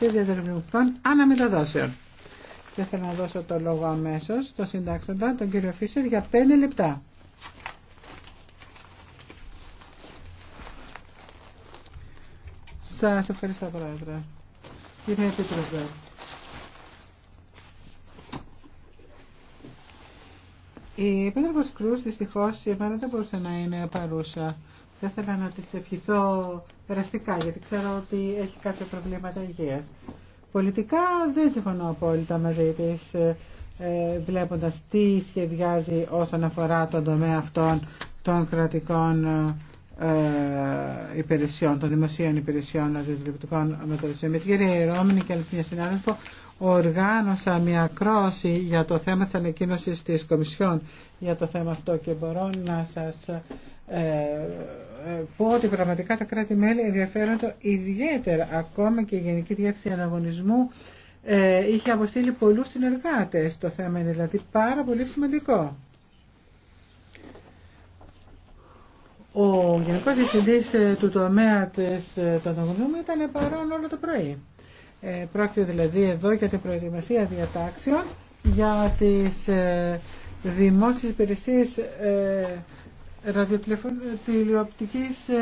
διαδρομικών αναμεταδόσεων. Και θέλω να δώσω το λόγο αμέσω στον συντάξοντα, τον κύριο Φίσερ, για 5 λεπτά. Σα ευχαριστώ, Πρόεδρε. Κύριε Επίτροπε. Η Επίτροπο Κρού δυστυχώ σήμερα δεν μπορούσε να είναι παρούσα. Θα ήθελα να τη ευχηθώ περαστικά, γιατί ξέρω ότι έχει κάποια προβλήματα υγείας. Πολιτικά δεν συμφωνώ απόλυτα μαζί τη, ε, βλέποντας τι σχεδιάζει όσον αφορά τον τομέα αυτών των κρατικών ε, ε, υπηρεσιών, των δημοσίων υπηρεσιών, των διευθυντικών μεταδοσίων. Με την κυρία και άλλη μια οργάνωσα μια κρόση για το θέμα της ανακοίνωσης της Κομισιόν για το θέμα αυτό και μπορώ να σας ε, ε, πω ότι πραγματικά τα κράτη-μέλη ενδιαφέρονται ιδιαίτερα ακόμα και η Γενική Διεύθυνση Αναγωνισμού ε, είχε αποστείλει πολλούς συνεργάτες το θέμα είναι δηλαδή πάρα πολύ σημαντικό Ο Γενικός Διευθυντής του τομέα της, Αγωνισμού ήταν παρόν όλο το πρωί ε, πρόκειται δηλαδή εδώ για την προετοιμασία διατάξεων για τις ε, δημόσιες υπηρεσίες ε, ραδιοτηλεοπτικής ε,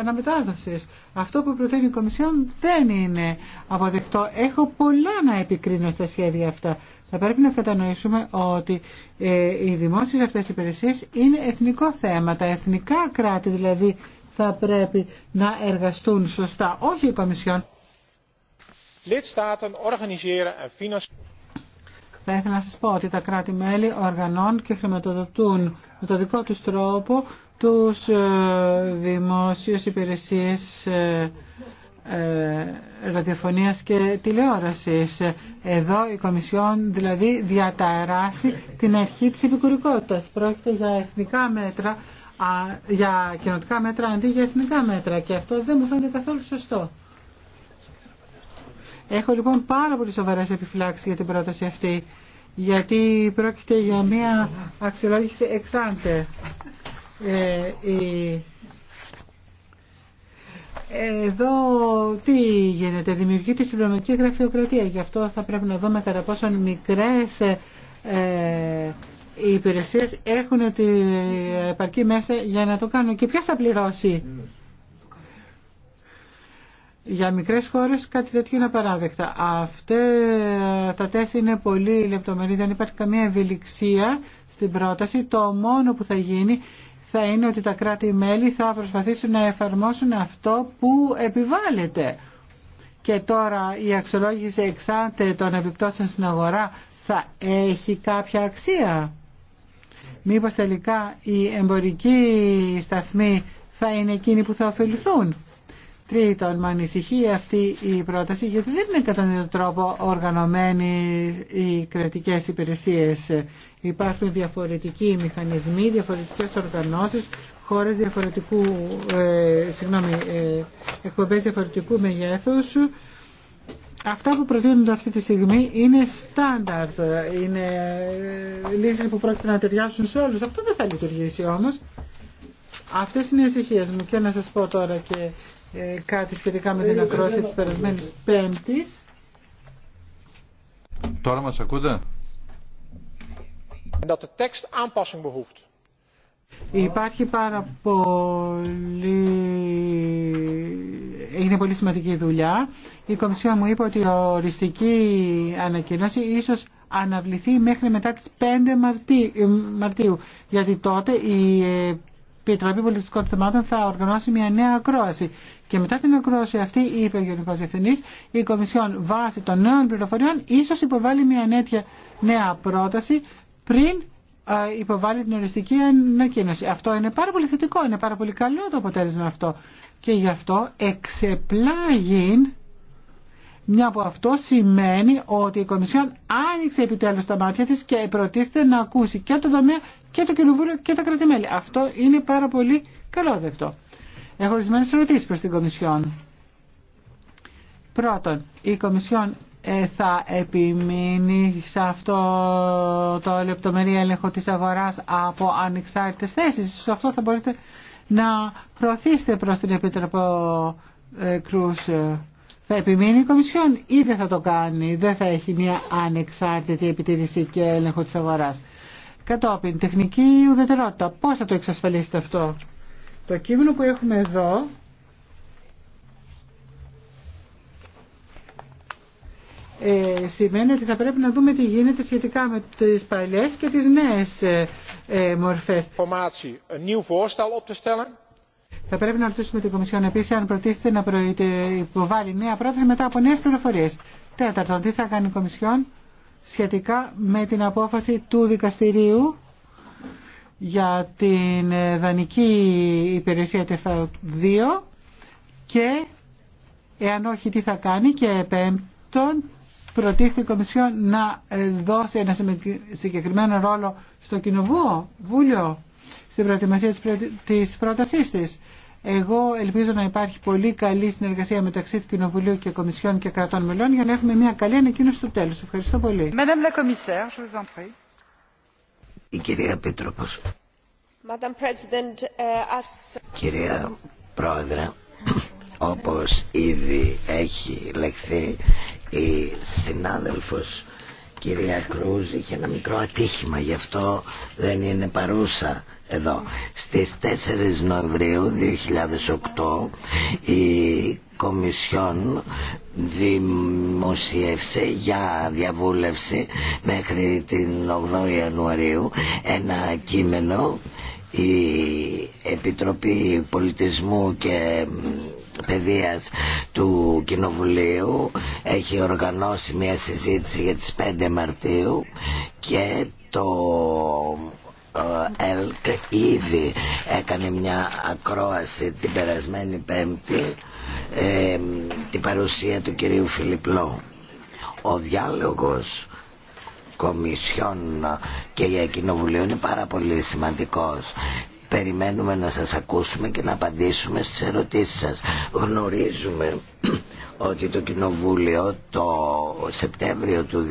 αναμετάδοσης. Αυτό που προτείνει η Κομισιόν δεν είναι αποδεκτό. Έχω πολλά να επικρίνω στα σχέδια αυτά. Θα πρέπει να κατανοήσουμε ότι ε, οι δημόσιες αυτές υπηρεσίες είναι εθνικό θέμα. Τα εθνικά κράτη δηλαδή θα πρέπει να εργαστούν σωστά, όχι η Κομισιόν. Θα ήθελα να σας πω ότι τα κράτη-μέλη οργανώνουν και χρηματοδοτούν με το δικό τους τρόπο τους ε, δημόσιους υπηρεσίες ε, ε, ραδιοφωνίας και τηλεόρασης. Εδώ η Κομισιόν δηλαδή διαταράσει την αρχή της επικουρικότητας. Πρόκειται για εθνικά μέτρα, για κοινοτικά μέτρα αντί για εθνικά μέτρα και αυτό δεν μου φαίνεται καθόλου σωστό. Έχω λοιπόν πάρα πολύ σοβαρέ επιφυλάξει για την πρόταση αυτή, γιατί πρόκειται για μια αξιολόγηση εξάντε. Ε, Εδώ τι γίνεται, δημιουργείται συμπληρωματική γραφειοκρατία. Γι' αυτό θα πρέπει να δούμε κατά πόσον μικρές ε, οι υπηρεσίες έχουν την ε, επαρκή μέσα για να το κάνουν. Και ποιο θα πληρώσει. Ναι. Για μικρές χώρες κάτι τέτοιο είναι απαράδεκτα. Αυτά τα τέσσερα είναι πολύ λεπτομερή, δεν υπάρχει καμία ευελιξία στην πρόταση. Το μόνο που θα γίνει θα είναι ότι τα κράτη-μέλη θα προσπαθήσουν να εφαρμόσουν αυτό που επιβάλλεται. Και τώρα η αξιολόγηση εξάντε των επιπτώσεων στην αγορά θα έχει κάποια αξία. Μήπως τελικά οι εμπορικοί σταθμοί θα είναι εκείνοι που θα ωφεληθούν. Τρίτον, με ανησυχεί αυτή η πρόταση γιατί δεν είναι κατά τον τρόπο οργανωμένοι οι κρατικές υπηρεσίες. Υπάρχουν διαφορετικοί μηχανισμοί, διαφορετικές οργανώσεις, χώρες διαφορετικού, ε, συγγνώμη, ε, εκπομπές διαφορετικού μεγέθους. Αυτά που προτείνονται αυτή τη στιγμή είναι στάνταρτ, είναι ε, λύσεις που πρόκειται να ταιριάσουν σε όλους. Αυτό δεν θα λειτουργήσει όμως. Αυτές είναι οι ησυχίες μου και να σας πω τώρα και ε, κάτι σχετικά με την ακρόαση της περασμένης Πέμπτης. Τώρα μας ακούτε. Υπάρχει πάρα πολύ... Είναι πολύ σημαντική δουλειά. Η Κομισιόν μου είπε ότι η οριστική ανακοινώση ίσως αναβληθεί μέχρι μετά τις 5 Μαρτίου, ε, Μαρτίου γιατί τότε η Επιτροπή Πολιτιστικών Θεμάτων θα οργανώσει μια νέα ακρόαση και μετά την ακρόαση αυτή, είπε ο Γενικό Διευθυντή, η Κομισιόν βάσει των νέων πληροφοριών ίσω υποβάλει μια νέα, νέα πρόταση πριν υποβάλει την οριστική ανακοίνωση. Αυτό είναι πάρα πολύ θετικό, είναι πάρα πολύ καλό το αποτέλεσμα αυτό. Και γι' αυτό εξεπλάγει μια από αυτό σημαίνει ότι η Κομισιόν άνοιξε επιτέλους τα μάτια της και προτίθεται να ακούσει και το τομέα και το Κοινοβούλιο και τα κρατημέλη. Αυτό είναι πάρα πολύ καλό δεκτό. Έχω ορισμένε ερωτήσει προ την Κομισιόν. Πρώτον, η Κομισιόν ε, θα επιμείνει σε αυτό το λεπτομερή έλεγχο της αγοράς από ανεξάρτητες θέσεις. Σε αυτό θα μπορείτε να προωθήσετε προς την Επίτροπο ε, Κρούς. Θα επιμείνει η Κομισιόν ή δεν θα το κάνει, δεν θα έχει μια ανεξάρτητη επιτήρηση και έλεγχο της αγοράς. Κατόπιν, τεχνική ουδετερότητα. Πώς θα το εξασφαλίσετε αυτό. Το κείμενο που έχουμε εδώ ε, σημαίνει ότι θα πρέπει να δούμε τι γίνεται σχετικά με τις παλιές και τις νέες ε, ε μορφές. Θα πρέπει να ρωτήσουμε την Κομισιόν επίση αν προτίθεται να υποβάλει νέα πρόταση μετά από νέε πληροφορίε. Τέταρτον, τι θα κάνει η Κομισιόν σχετικά με την απόφαση του δικαστηρίου για την ε, δανεική υπηρεσία ΤΕΦΑ 2 και εάν όχι τι θα κάνει και πέμπτον προτίθεται η Κομισιόν να ε, δώσει ένα συγκεκριμένο ρόλο στο Κοινοβούλιο στην προετοιμασία της πρότασής της. Εγώ ελπίζω να υπάρχει πολύ καλή συνεργασία μεταξύ του Κοινοβουλίου και Κομισιόν και κρατών μελών για να έχουμε μια καλή ανακοίνωση του τέλους. Ευχαριστώ πολύ η κυρία Πίτροπος. Uh, κυρία Πρόεδρε, όπως ήδη έχει λεχθεί η συνάδελφος κυρία Κρούζ είχε ένα μικρό ατύχημα γι' αυτό δεν είναι παρούσα εδώ. Στις 4 Νοεμβρίου 2008 η Κομισιόν δημοσιεύσε για διαβούλευση μέχρι την 8 Ιανουαρίου ένα κείμενο η Επιτροπή Πολιτισμού και Παιδείας του Κοινοβουλίου έχει οργανώσει μια συζήτηση για τις 5 Μαρτίου και το ΕΛΚ ήδη έκανε μια ακρόαση την περασμένη πέμπτη ε, την παρουσία του κυρίου Φιλιπλό ο διάλογος κομισιών και για κοινοβουλίου είναι πάρα πολύ σημαντικός περιμένουμε να σας ακούσουμε και να απαντήσουμε στις ερωτήσεις σας γνωρίζουμε ότι το Κοινοβούλιο το Σεπτέμβριο του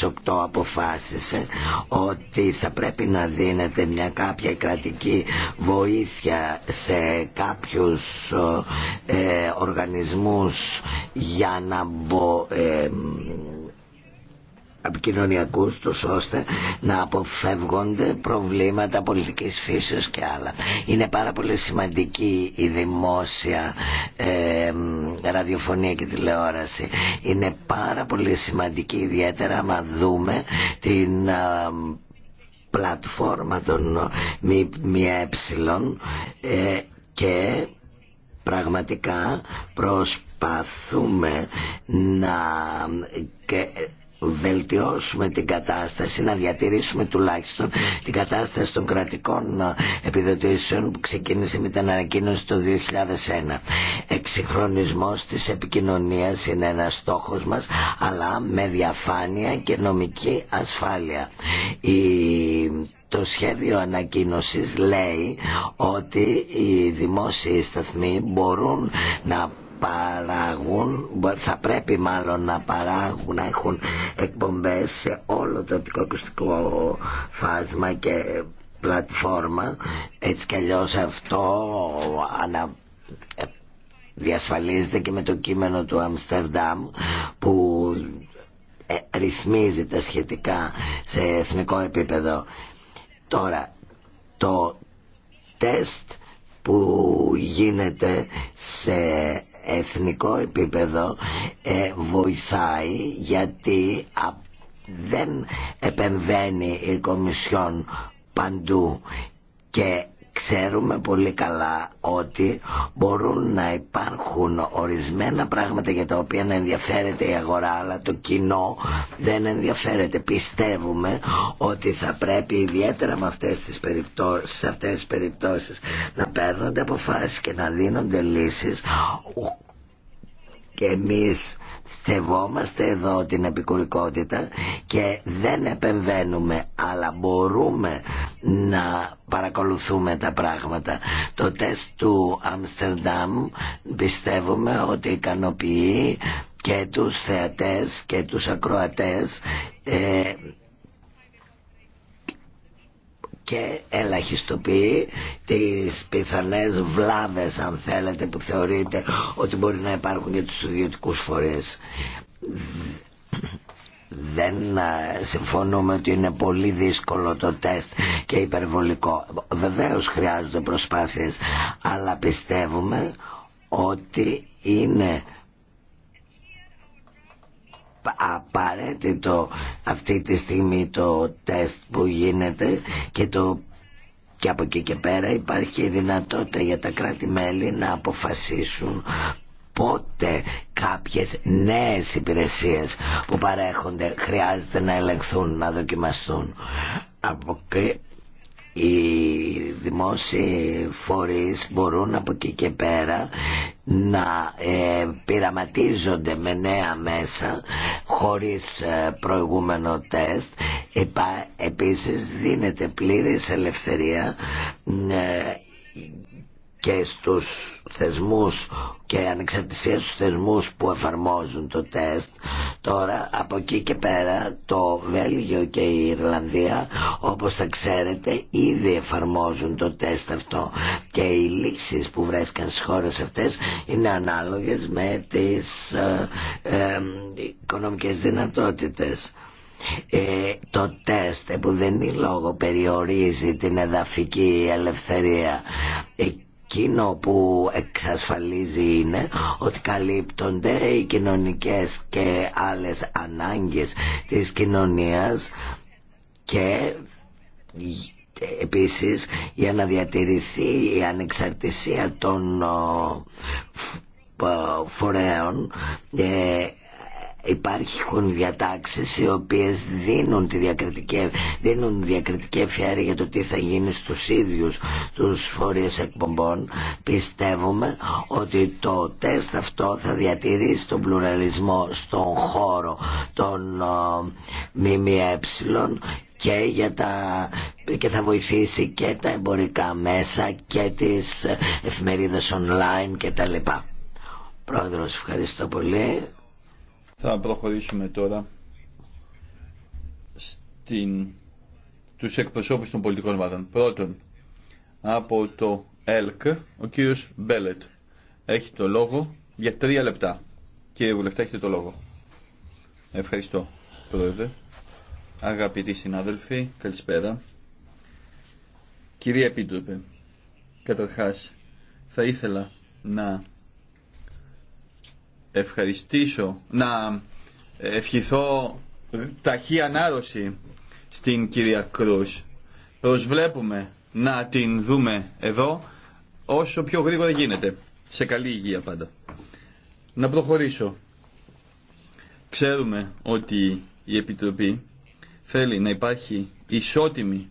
2008 αποφάσισε ότι θα πρέπει να δίνεται μια κάποια κρατική βοήθεια σε κάποιους ε, οργανισμούς για να ε, επικοινωνιακούς τους ώστε να αποφεύγονται προβλήματα πολιτικής φύσεως και άλλα. Είναι πάρα πολύ σημαντική η δημόσια ε, ραδιοφωνία και τηλεόραση. Είναι πάρα πολύ σημαντική ιδιαίτερα να δούμε την ε, πλατφόρμα των ΜΜΕ ε, και πραγματικά προσπαθούμε να και βελτιώσουμε την κατάσταση, να διατηρήσουμε τουλάχιστον την κατάσταση των κρατικών ε, επιδοτήσεων που ξεκίνησε με την ανακοίνωση το 2001. Εξυγχρονισμός της επικοινωνίας είναι ένας στόχος μας, αλλά με διαφάνεια και νομική ασφάλεια. Η... Το σχέδιο ανακοίνωσης λέει ότι οι δημόσιοι σταθμοί μπορούν να παράγουν, θα πρέπει μάλλον να παράγουν, να έχουν εκπομπές σε όλο το οπτικοακουστικό φάσμα και πλατφόρμα. Έτσι κι αλλιώς αυτό ε, διασφαλίζεται και με το κείμενο του Αμστερντάμ που ε, ρυθμίζεται σχετικά σε εθνικό επίπεδο. Τώρα, το τεστ που γίνεται σε εθνικό επίπεδο ε, βοηθάει γιατί δεν επεμβαίνει η Κομισιόν παντού και ξέρουμε πολύ καλά ότι μπορούν να υπάρχουν ορισμένα πράγματα για τα οποία να ενδιαφέρεται η αγορά αλλά το κοινό δεν ενδιαφέρεται. Πιστεύουμε ότι θα πρέπει ιδιαίτερα με αυτές τις περιπτώσεις, σε αυτές τις περιπτώσεις να παίρνονται αποφάσεις και να δίνονται λύσεις και εμείς σεβόμαστε εδώ την επικουρικότητα και δεν επεμβαίνουμε αλλά μπορούμε να παρακολουθούμε τα πράγματα. Το τεστ του Αμστερνταμ πιστεύουμε ότι ικανοποιεί και τους θεατές και τους ακροατές ε, και ελαχιστοποιεί τις πιθανές βλάβες αν θέλετε που θεωρείτε ότι μπορεί να υπάρχουν για τους ιδιωτικούς φορείς δεν ε, συμφωνούμε ότι είναι πολύ δύσκολο το τεστ και υπερβολικό βεβαίως χρειάζονται προσπάθειες αλλά πιστεύουμε ότι είναι απαραίτητο αυτή τη στιγμή το τεστ που γίνεται και το και από εκεί και πέρα υπάρχει η δυνατότητα για τα κράτη-μέλη να αποφασίσουν πότε κάποιες νέες υπηρεσίες που παρέχονται χρειάζεται να ελεγχθούν, να δοκιμαστούν. Από οι δημόσιοι φορείς μπορούν από εκεί και πέρα να ε, πειραματίζονται με νέα μέσα χωρίς ε, προηγούμενο τεστ Επα, επίσης δίνεται πλήρης ελευθερία ε, και στους θεσμούς και ανεξαρτησία στους θεσμούς που εφαρμόζουν το τεστ τώρα από εκεί και πέρα το Βέλγιο και η Ιρλανδία όπως θα ξέρετε ήδη εφαρμόζουν το τεστ αυτό και οι λύσεις που βρέθηκαν στις χώρες αυτές είναι ανάλογες με τις ε, ε, οικονομικές δυνατότητες ε, το τεστ που δεν είναι λόγο περιορίζει την εδαφική ελευθερία ε, εκείνο που εξασφαλίζει είναι ότι καλύπτονται οι κοινωνικές και άλλες ανάγκες της κοινωνίας και επίσης για να διατηρηθεί η ανεξαρτησία των ε, ε, φορέων ε, Υπάρχουν διατάξεις οι οποίες δίνουν, τη διακριτική, δίνουν διακριτική ευχαίρεια για το τι θα γίνει στους ίδιους τους φορείς εκπομπών. Πιστεύουμε ότι το τεστ αυτό θα διατηρήσει τον πλουραλισμό στον χώρο των ΜΜΕ και, για τα, και θα βοηθήσει και τα εμπορικά μέσα και τις εφημερίδες online και τα Πρόεδρος, ευχαριστώ πολύ. Θα προχωρήσουμε τώρα στην, τους εκπροσώπους των πολιτικών ομάδων. Πρώτον, από το ΕΛΚ, ο κύριος Μπέλετ. Έχει το λόγο για τρία λεπτά. Κύριε Βουλευτά, έχετε το λόγο. Ευχαριστώ, Πρόεδρε. Αγαπητοί συνάδελφοι, καλησπέρα. Κυρία Επίτροπε, καταρχάς, θα ήθελα να ευχαριστήσω, να ευχηθώ ταχύ ανάρρωση στην κυρία Κρούς. Προσβλέπουμε να την δούμε εδώ όσο πιο γρήγορα γίνεται. Σε καλή υγεία πάντα. Να προχωρήσω. Ξέρουμε ότι η Επιτροπή θέλει να υπάρχει ισότιμη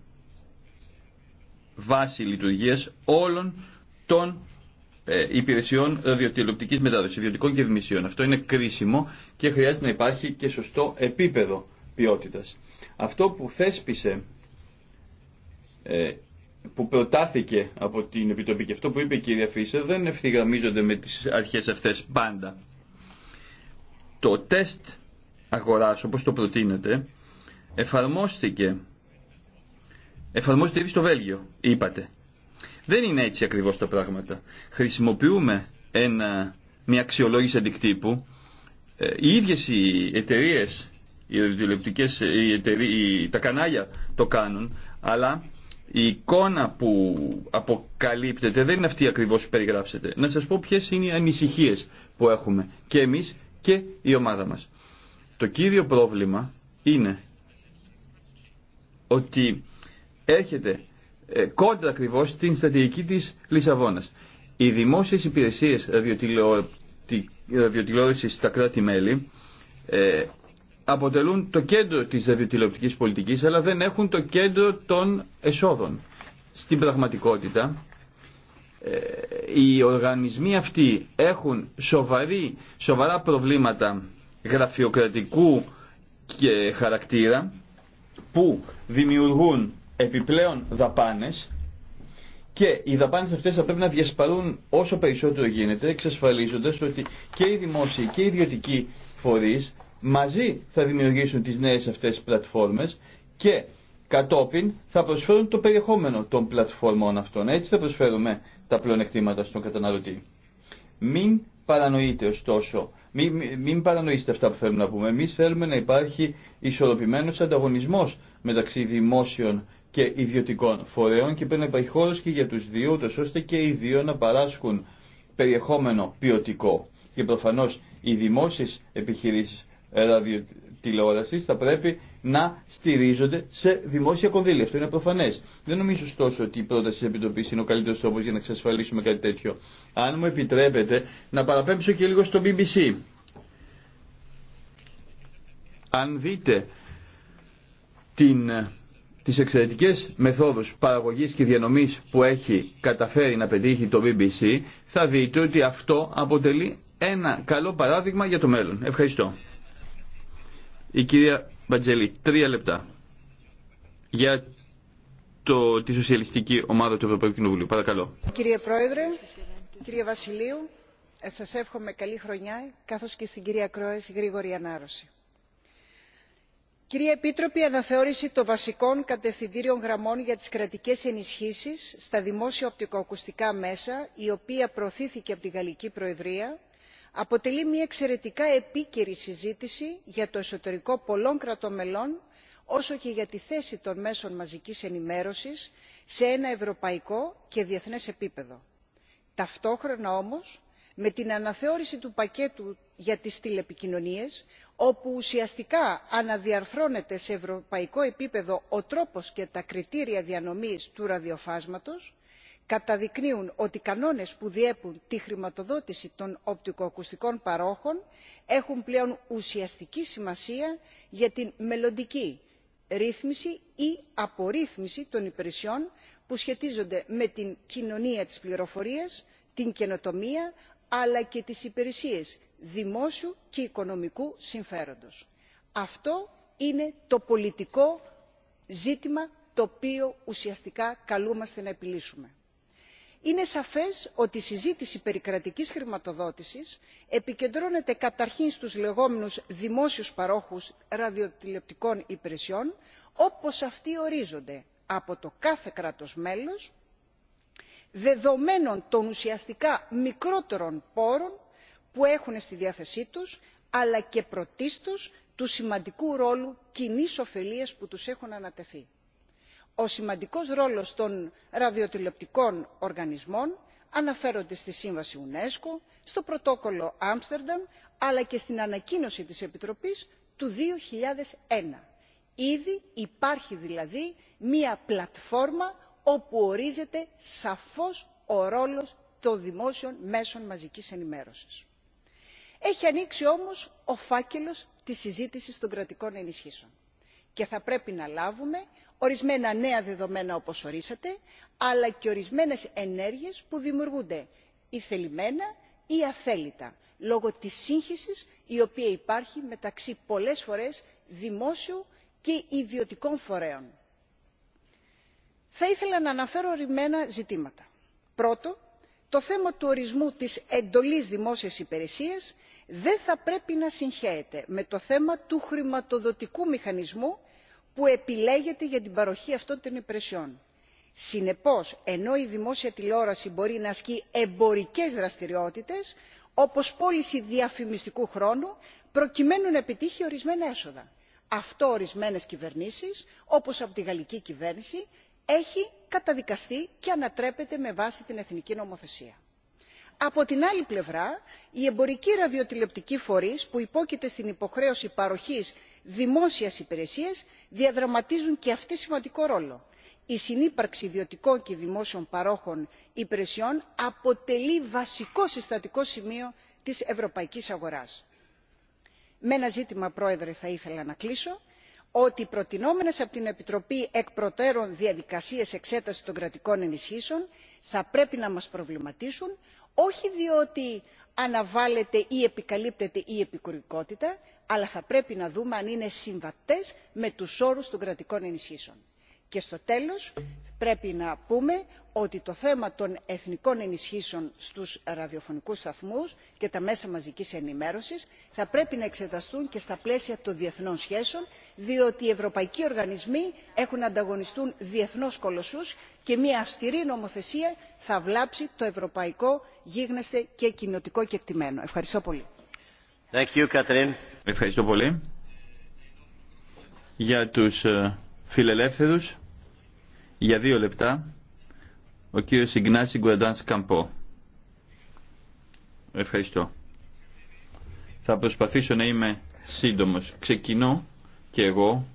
βάση λειτουργίας όλων των ε, υπηρεσιών ραδιοτηλεοπτική ε, μετάδοσης, ιδιωτικών και δημησίων. Αυτό είναι κρίσιμο και χρειάζεται να υπάρχει και σωστό επίπεδο ποιότητας. Αυτό που θέσπισε, ε, που προτάθηκε από την Επιτροπή και αυτό που είπε η κυρία Φίσερ δεν ευθυγραμμίζονται με τις αρχές αυτές πάντα. Το τεστ αγορά, όπως το προτείνεται εφαρμόστηκε εφαρμόστηκε ήδη στο Βέλγιο, είπατε. Δεν είναι έτσι ακριβώς τα πράγματα. Χρησιμοποιούμε ένα, μια αξιολόγηση αντικτύπου. Ε, οι ίδιες οι εταιρείε, οι τα κανάλια το κάνουν, αλλά η εικόνα που αποκαλύπτεται δεν είναι αυτή ακριβώς που περιγράψετε. Να σας πω ποιες είναι οι ανησυχίες που έχουμε και εμείς και η ομάδα μας. Το κύριο πρόβλημα είναι ότι έρχεται ε, κόντρα ακριβώ στην στρατηγική της Λισαβόνας. Οι δημόσιες υπηρεσίες ραδιοτηλεόραση στα κράτη-μέλη ε, αποτελούν το κέντρο της ραδιοτηλεοπτική πολιτικής αλλά δεν έχουν το κέντρο των εσόδων. Στην πραγματικότητα ε, οι οργανισμοί αυτοί έχουν σοβαρή, σοβαρά προβλήματα γραφειοκρατικού και χαρακτήρα που δημιουργούν επιπλέον δαπάνες και οι δαπάνες αυτές θα πρέπει να διασπαρούν όσο περισσότερο γίνεται εξασφαλίζοντας ότι και οι δημόσιοι και οι ιδιωτικοί φορείς μαζί θα δημιουργήσουν τις νέες αυτές πλατφόρμες και κατόπιν θα προσφέρουν το περιεχόμενο των πλατφόρμων αυτών. Έτσι θα προσφέρουμε τα πλεονεκτήματα στον καταναλωτή. Μην παρανοείτε ωστόσο, μην, μην παρανοήσετε αυτά που θέλουμε να πούμε. Εμεί θέλουμε να υπάρχει ισορροπημένος ανταγωνισμός μεταξύ δημόσιων και ιδιωτικών φορέων και πρέπει να υπάρχει χώρο και για τους δύο, ούτως ώστε και οι δύο να παράσχουν περιεχόμενο ποιοτικό. Και προφανώς οι δημόσιες επιχειρήσεις ραδιοτηλεόρασης θα πρέπει να στηρίζονται σε δημόσια κονδύλια. Αυτό είναι προφανές. Δεν νομίζω ωστόσο ότι η πρόταση της Επιτροπής είναι ο καλύτερος τρόπος για να εξασφαλίσουμε κάτι τέτοιο. Αν μου επιτρέπετε να παραπέμψω και λίγο στο BBC. Αν δείτε την τις εξαιρετικές μεθόδους παραγωγής και διανομής που έχει καταφέρει να πετύχει το BBC, θα δείτε ότι αυτό αποτελεί ένα καλό παράδειγμα για το μέλλον. Ευχαριστώ. Η κυρία Μπατζελή, τρία λεπτά για το, τη σοσιαλιστική ομάδα του Ευρωπαϊκού Κοινοβουλίου. Παρακαλώ. Κύριε Πρόεδρε, κύριε Βασιλείου, σας εύχομαι καλή χρονιά, καθώς και στην κυρία Κρόες γρήγορη ανάρρωση κύριε επίτροπε αναθεώρηση των βασικών κατευθυντήριων γραμμών για τις κρατικές ενισχύσεις στα δημόσια οπτικοακουστικά μέσα η οποία προωθήθηκε από τη γαλλική προεδρία αποτελεί μια εξαιρετικά επίκαιρη συζήτηση για το εσωτερικό πολλών κρατών όσο και για τη θέση των μέσων μαζικής ενημέρωσης σε ένα ευρωπαϊκό και διεθνές επίπεδο. ταυτόχρονα όμως με την αναθεώρηση του πακέτου για τις τηλεπικοινωνίες όπου ουσιαστικά αναδιαρθρώνεται σε ευρωπαϊκό επίπεδο ο τρόπος και τα κριτήρια διανομής του ραδιοφάσματος καταδεικνύουν ότι οι κανόνες που διέπουν τη χρηματοδότηση των οπτικοακουστικών παρόχων έχουν πλέον ουσιαστική σημασία για την μελλοντική ρύθμιση ή απορρίθμιση των υπηρεσιών που σχετίζονται με την κοινωνία της πληροφορίας την καινοτομία αλλά και τις υπηρεσίες δημόσιου και οικονομικού συμφέροντος. Αυτό είναι το πολιτικό ζήτημα το οποίο ουσιαστικά καλούμαστε να επιλύσουμε. Είναι σαφές ότι η συζήτηση περί κρατικής χρηματοδότησης επικεντρώνεται καταρχήν στους λεγόμενους δημόσιους παρόχους ραδιοτηλεοπτικών υπηρεσιών όπως αυτοί ορίζονται από το κάθε κράτος μέλος δεδομένων των ουσιαστικά μικρότερων πόρων που έχουν στη διάθεσή τους αλλά και πρωτίστως του σημαντικού ρόλου κοινής ωφελίας που τους έχουν ανατεθεί. Ο σημαντικός ρόλος των ραδιοτηλεοπτικών οργανισμών αναφέρονται στη σύμβαση UNESCO, στο πρωτόκολλο Άμστερνταμ αλλά και στην ανακοίνωση της Επιτροπής του 2001. Ήδη υπάρχει δηλαδή μία πλατφόρμα όπου ορίζεται σαφώς ο ρόλος των δημόσιων μέσων μαζικής ενημέρωσης. Έχει ανοίξει όμως ο φάκελος της συζήτησης των κρατικών ενισχύσεων και θα πρέπει να λάβουμε ορισμένα νέα δεδομένα όπως ορίσατε, αλλά και ορισμένες ενέργειες που δημιουργούνται ή θελημένα ή αθέλητα, λόγω της σύγχυσης η οποία υπάρχει μεταξύ πολλές φορές δημόσιου και ιδιωτικών φορέων θα ήθελα να αναφέρω ορισμένα ζητήματα. Πρώτο, το θέμα του ορισμού της εντολής δημόσιας υπηρεσίας δεν θα πρέπει να συγχέεται με το θέμα του χρηματοδοτικού μηχανισμού που επιλέγεται για την παροχή αυτών των υπηρεσιών. συνεπώς ενώ η δημόσια τηλεόραση μπορεί να ασκεί εμπορικές δραστηριότητες όπως πώληση διαφημιστικού χρόνου προκειμένου να επιτύχει ορισμένα έσοδα. αυτό ορισμένες κυβερνήσεις όπως από τη γαλλική κυβέρνηση έχει καταδικαστεί και ανατρέπεται με βάση την εθνική νομοθεσία. Από την άλλη πλευρά, οι εμπορικοί ραδιοτηλεοπτικοί φορείς που υπόκειται στην υποχρέωση παροχής δημόσιας υπηρεσίας διαδραματίζουν και αυτή σημαντικό ρόλο. Η συνύπαρξη ιδιωτικών και δημόσιων παρόχων υπηρεσιών αποτελεί βασικό συστατικό σημείο της ευρωπαϊκής αγοράς. Με ένα ζήτημα, Πρόεδρε, θα ήθελα να κλείσω ότι οι προτινόμενες από την επιτροπή εκ προτέρων διαδικασίες εξέτασης των κρατικών ενισχύσεων θα πρέπει να μας προβληματίσουν όχι διότι αναβάλλεται ή επικαλύπτεται η επικουρικότητα αλλά θα πρέπει να δούμε αν είναι συμβατές με τους όρους των κρατικών ενισχύσεων και στο τέλος πρέπει να πούμε ότι το θέμα των εθνικών ενισχύσεων στους ραδιοφωνικούς σταθμούς και τα μέσα μαζικής ενημέρωσης θα πρέπει να εξεταστούν και στα πλαίσια των διεθνών σχέσεων διότι οι ευρωπαϊκοί οργανισμοί έχουν να ανταγωνιστούν διεθνώς κολοσσούς και μια αυστηρή νομοθεσία θα βλάψει το ευρωπαϊκό γίγνεσθε και κοινοτικό κεκτημένο. Ευχαριστώ πολύ. Thank Ευχαριστώ πολύ. Για τους ε, για δύο λεπτά, ο κύριος Ιγνάση Γκουεντάνς Καμπό. Ευχαριστώ. Θα προσπαθήσω να είμαι σύντομος. Ξεκινώ και εγώ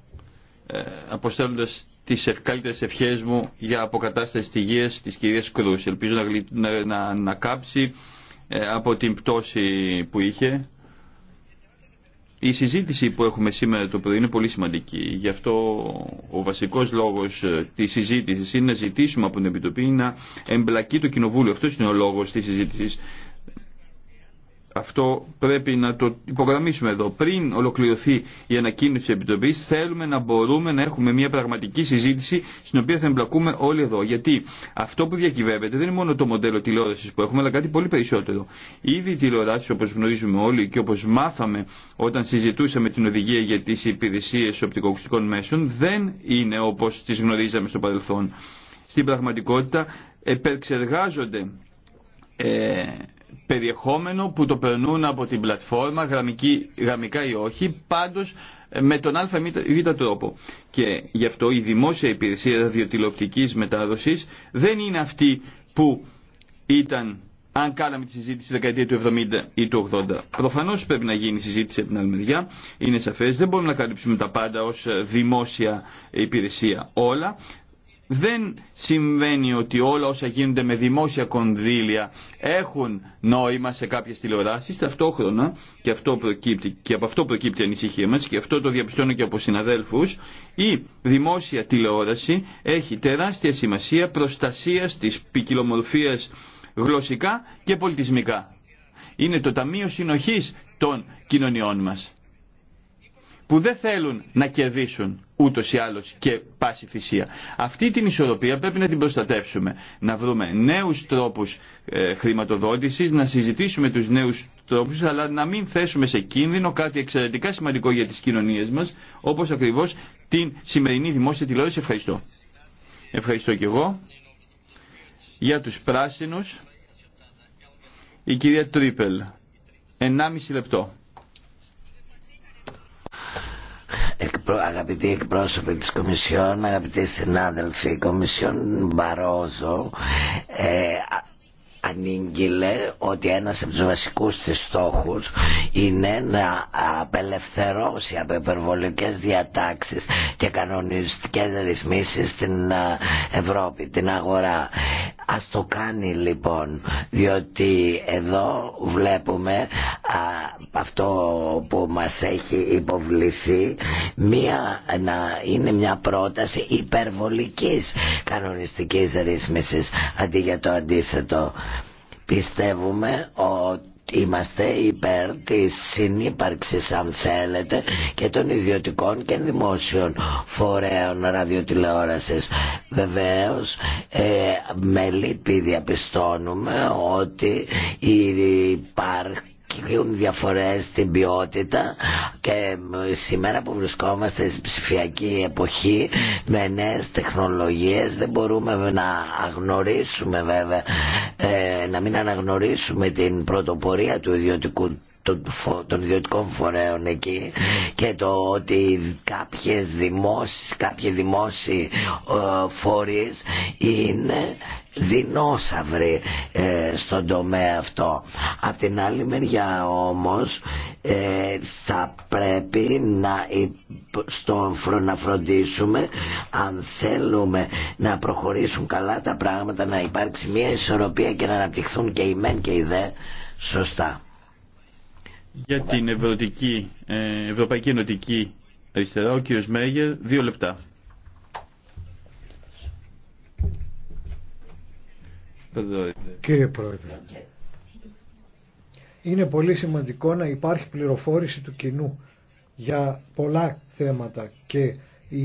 ε, αποστέλλοντας τις καλύτερες ευχές μου για αποκατάσταση της υγείας της κυρίας Κρούς. Ελπίζω να, να, κάψει ε, από την πτώση που είχε η συζήτηση που έχουμε σήμερα το πρωί είναι πολύ σημαντική. Γι' αυτό ο βασικός λόγος ε, της συζήτησης είναι να ζητήσουμε από την Επιτροπή να εμπλακεί το Κοινοβούλιο. Αυτός είναι ο λόγος της συζήτησης αυτό πρέπει να το υπογραμμίσουμε εδώ. Πριν ολοκληρωθεί η ανακοίνωση τη Επιτροπή, θέλουμε να μπορούμε να έχουμε μια πραγματική συζήτηση στην οποία θα εμπλακούμε όλοι εδώ. Γιατί αυτό που διακυβεύεται δεν είναι μόνο το μοντέλο τηλεόραση που έχουμε, αλλά κάτι πολύ περισσότερο. Ήδη οι τηλεοράσει, όπω γνωρίζουμε όλοι και όπω μάθαμε όταν συζητούσαμε την οδηγία για τι υπηρεσίε οπτικοακουστικών μέσων, δεν είναι όπω τι γνωρίζαμε στο παρελθόν. Στην πραγματικότητα επεξεργάζονται. Ε, περιεχόμενο που το περνούν από την πλατφόρμα, γραμμική, γραμμικά ή όχι, πάντως ε, με τον α τρόπο. Και γι' αυτό η δημόσια υπηρεσία ραδιοτηλεοπτικής μετάδοσης δεν είναι αυτή που ήταν αν κάναμε τη συζήτηση δεκαετία του 70 ή του 80. Προφανώ πρέπει να γίνει η συζήτηση από την άλλη μεριά. Είναι σαφέ. Δεν μπορούμε να καλύψουμε τα πάντα ω δημόσια υπηρεσία. Όλα δεν συμβαίνει ότι όλα όσα γίνονται με δημόσια κονδύλια έχουν νόημα σε κάποιες τηλεοράσεις ταυτόχρονα και, αυτό προκύπτει, και από αυτό προκύπτει η ανησυχία μας και αυτό το διαπιστώνω και από συναδέλφους η δημόσια τηλεόραση έχει τεράστια σημασία προστασίας της ποικιλομορφία γλωσσικά και πολιτισμικά. Είναι το Ταμείο Συνοχής των κοινωνιών μας που δεν θέλουν να κερδίσουν ούτω ή άλλως και πάση θυσία. Αυτή την ισορροπία πρέπει να την προστατεύσουμε. Να βρούμε νέους τρόπους ε, χρηματοδότησης, να συζητήσουμε τους νέους τρόπους, αλλά να μην θέσουμε σε κίνδυνο κάτι εξαιρετικά σημαντικό για τις κοινωνίες μας, όπως ακριβώς την σημερινή δημόσια τηλεόραση. Ευχαριστώ. Ευχαριστώ και εγώ. Για τους πράσινους, η κυρία Τρίπελ. 1,5 λεπτό. αγαπητοί εκπρόσωποι της Κομισιόν, αγαπητοί συνάδελφοι, η Κομισιόν Μπαρόζο ε, ανήγγειλε ότι ένας από τους βασικούς της στόχους είναι να απελευθερώσει από υπερβολικές διατάξεις και κανονιστικές ρυθμίσεις στην ε, Ευρώπη, την αγορά. Ας το κάνει λοιπόν, διότι εδώ βλέπουμε α, αυτό που μας έχει υποβληθεί μία, να είναι μια πρόταση υπερβολικής κανονιστικής ρύθμισης αντί για το αντίθετο. Πιστεύουμε ότι είμαστε υπέρ τη συνύπαρξης αν θέλετε και των ιδιωτικών και δημόσιων φορέων ραδιοτηλεόρασης. Βεβαίως ε, με λύπη διαπιστώνουμε ότι υπάρχει υπάρχουν διαφορές στην ποιότητα και σήμερα που βρισκόμαστε στην ψηφιακή εποχή με νέες τεχνολογίες δεν μπορούμε να αγνωρίσουμε βέβαια ε, να μην αναγνωρίσουμε την πρωτοπορία του ιδιωτικού των, των ιδιωτικών φορέων εκεί και το ότι κάποιες δημόσιες, κάποιοι δημόσιοι ε, φορείς είναι δεινόσαυροι ε, στον τομέα αυτό. Απ' την άλλη μεριά όμως ε, θα πρέπει να, στο, να φροντίσουμε αν θέλουμε να προχωρήσουν καλά τα πράγματα να υπάρξει μια ισορροπία και να αναπτυχθούν και οι μεν και οι δε σωστά. Για την ε, Ευρωπαϊκή Ενωτική Αριστερά, ο κ. Μέγερ, δύο λεπτά. Κύριε Πρόεδρε, είναι πολύ σημαντικό να υπάρχει πληροφόρηση του κοινού για πολλά θέματα και οι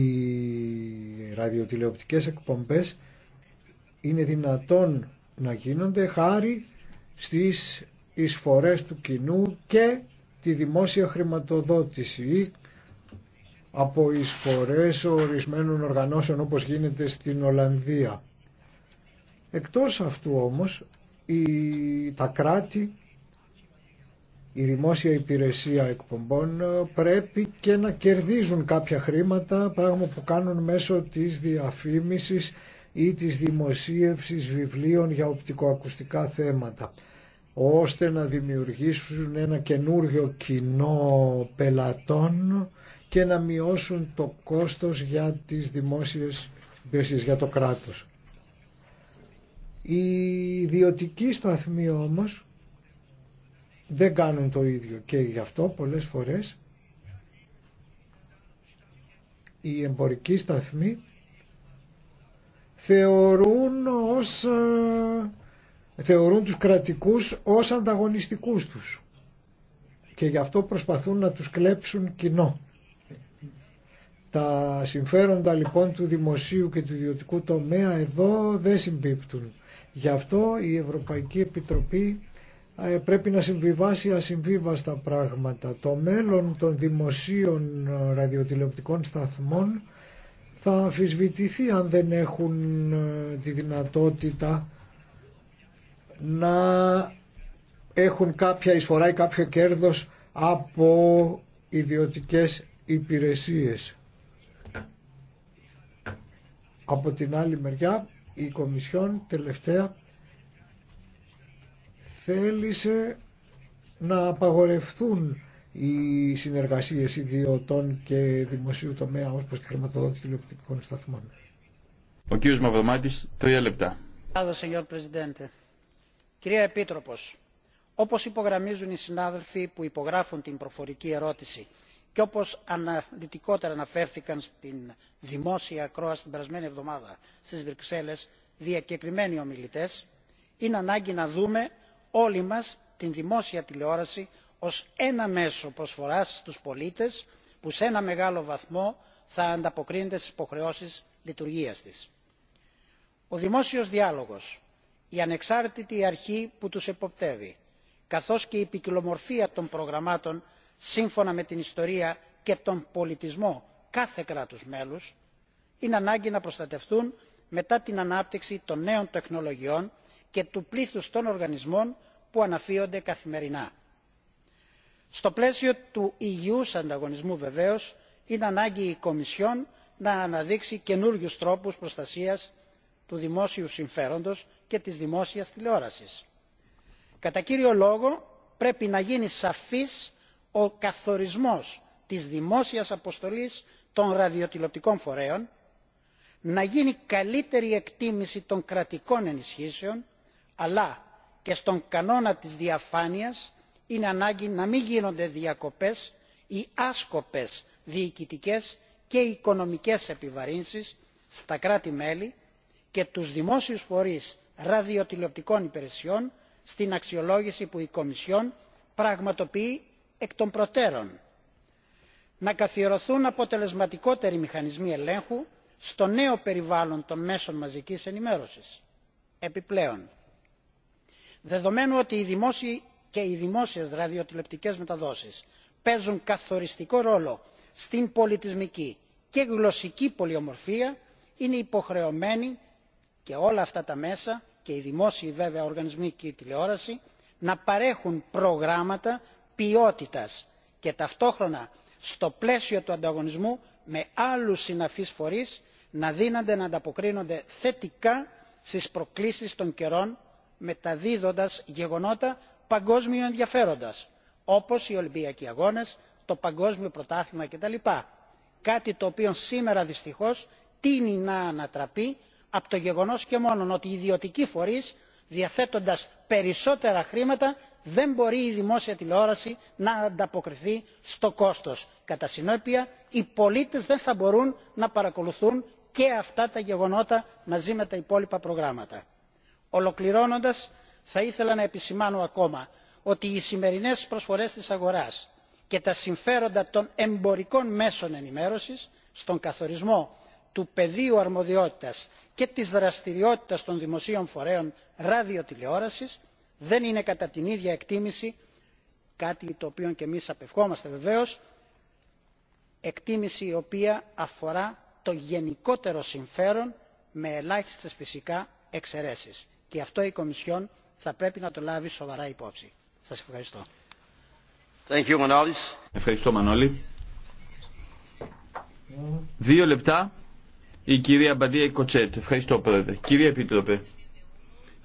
ραδιοτηλεοπτικές εκπομπές είναι δυνατόν να γίνονται χάρη στις εισφορές του κοινού και τη δημόσια χρηματοδότηση από εισφορές ορισμένων οργανώσεων όπως γίνεται στην Ολλανδία. Εκτός αυτού όμως η, τα κράτη, η δημόσια υπηρεσία εκπομπών πρέπει και να κερδίζουν κάποια χρήματα, πράγμα που κάνουν μέσω της διαφήμισης ή της δημοσίευσης βιβλίων για οπτικοακουστικά θέματα ώστε να δημιουργήσουν ένα καινούριο κοινό πελατών και να μειώσουν το κόστος για τις δημόσιες υπηρεσίες, για το κράτος. Οι ιδιωτικοί σταθμοί όμως δεν κάνουν το ίδιο και γι' αυτό πολλές φορές οι εμπορικοί σταθμοί θεωρούν ως ε, θεωρούν τους κρατικούς ως ανταγωνιστικούς τους και γι' αυτό προσπαθούν να τους κλέψουν κοινό. Τα συμφέροντα λοιπόν του δημοσίου και του ιδιωτικού τομέα εδώ δεν συμπίπτουν. Γι' αυτό η Ευρωπαϊκή Επιτροπή ε, πρέπει να συμβιβάσει ασυμβίβαστα πράγματα. Το μέλλον των δημοσίων ε, ραδιοτηλεοπτικών σταθμών θα αμφισβητηθεί αν δεν έχουν ε, τη δυνατότητα να έχουν κάποια εισφορά ή κάποιο κέρδος από ιδιωτικές υπηρεσίες. Από την άλλη μεριά η Κομισιόν τελευταία θέλησε να απαγορευθούν οι συνεργασίες ιδιωτών και δημοσίου τομέα ως προς τη χρηματοδότηση τηλεοπτικών σταθμών. Ο κύριος Μαυρομάτης, τρία λεπτά κυρία επίτροπος όπως υπογραμμίζουν οι συνάδελφοι που υπογράφουν την προφορική ερώτηση και όπως αναλυτικότερα αναφέρθηκαν στην δημόσια ακρόαση την περασμένη εβδομάδα στις βρυξέλλες διακεκριμένοι ομιλητές είναι ανάγκη να δούμε όλοι μας την δημόσια τηλεόραση ως ένα μέσο προσφοράς στους πολίτες που σε ένα μεγάλο βαθμό θα ανταποκρίνεται στις υποχρεώσεις λειτουργίας της. ο δημόσιος διάλογος η ανεξάρτητη αρχή που τους εποπτεύει καθώς και η ποικιλομορφία των προγραμμάτων σύμφωνα με την ιστορία και τον πολιτισμό κάθε κράτους μέλους είναι ανάγκη να προστατευτούν μετά την ανάπτυξη των νέων τεχνολογιών και του πλήθους των οργανισμών που αναφύονται καθημερινά. στο πλαίσιο του υγιούς ανταγωνισμού βεβαίως είναι ανάγκη η κομισιόν να αναδείξει καινούριου τρόπους προστασίας του δημόσιου συμφέροντος και της δημόσιας τηλεόρασης. κατά κύριο λόγο πρέπει να γίνει σαφής ο καθορισμός της δημόσιας αποστολής των ραδιοτηλεοπτικών φορέων να γίνει καλύτερη εκτίμηση των κρατικών ενισχύσεων αλλά και στον κανόνα της διαφάνειας είναι ανάγκη να μην γίνονται διακοπές ή άσκοπες διοικητικές και οικονομικές επιβαρύνσεις στα κράτη μέλη και τους δημόσιους φορείς ραδιοτηλεοπτικών υπηρεσιών στην αξιολόγηση που η κομισιόν πραγματοποιεί εκ των προτέρων; να καθιερωθούν αποτελεσματικότεροι μηχανισμοί ελέγχου στο νέο περιβάλλον των μέσων μαζικής ενημέρωσης. επιπλέον δεδομένου ότι οι δημόσιοι και οι δημόσιες ραδιοτηλεοπτικές μεταδόσεις παίζουν καθοριστικό ρόλο στην πολιτισμική και γλωσσική πολιομορφία είναι υποχρεωμένοι και όλα αυτά τα μέσα και οι δημόσιοι βέβαια οργανισμοί και η τηλεόραση να παρέχουν προγράμματα ποιότητας και ταυτόχρονα στο πλαίσιο του ανταγωνισμού με άλλους συναφείς φορείς να δίνονται να ανταποκρίνονται θετικά στις προκλήσεις των καιρών μεταδίδοντας γεγονότα παγκόσμιου ενδιαφέροντος όπως οι ολυμπιακοί αγώνες το παγκόσμιο πρωτάθλημα κτλ. κάτι το οποίο σήμερα δυστυχώς τίνει να ανατραπεί από το γεγονός και μόνο ότι οι ιδιωτικοί φορεί, διαθέτοντας περισσότερα χρήματα δεν μπορεί η δημόσια τηλεόραση να ανταποκριθεί στο κόστος. κατά συνέπεια οι πολίτες δεν θα μπορούν να παρακολουθούν και αυτά τα γεγονότα μαζί με τα υπόλοιπα προγράμματα. ολοκληρώνοντας θα ήθελα να επισημάνω ακόμα ότι οι σημερινέ προσφορέ τη αγορά και τα συμφέροντα των εμπορικών μέσων ενημέρωση, στον καθορισμό του πεδίου αρμοδιότητας και της δραστηριότητας των δημοσίων φορέων ραδιοτηλεόρασης δεν είναι κατά την ίδια εκτίμηση κάτι το οποίο και εμείς απευχόμαστε βεβαίως εκτίμηση η οποία αφορά το γενικότερο συμφέρον με ελάχιστες φυσικά εξαιρέσεις και αυτό η κομισιόν θα πρέπει να το λάβει σοβαρά υπόψη. Σας ευχαριστώ. Thank you, Ευχαριστώ Μανώλη. Δύο λεπτά η κυρία Μπαντία Κοτσέτ. Ευχαριστώ πρόεδρε. Κυρία Επίτροπε,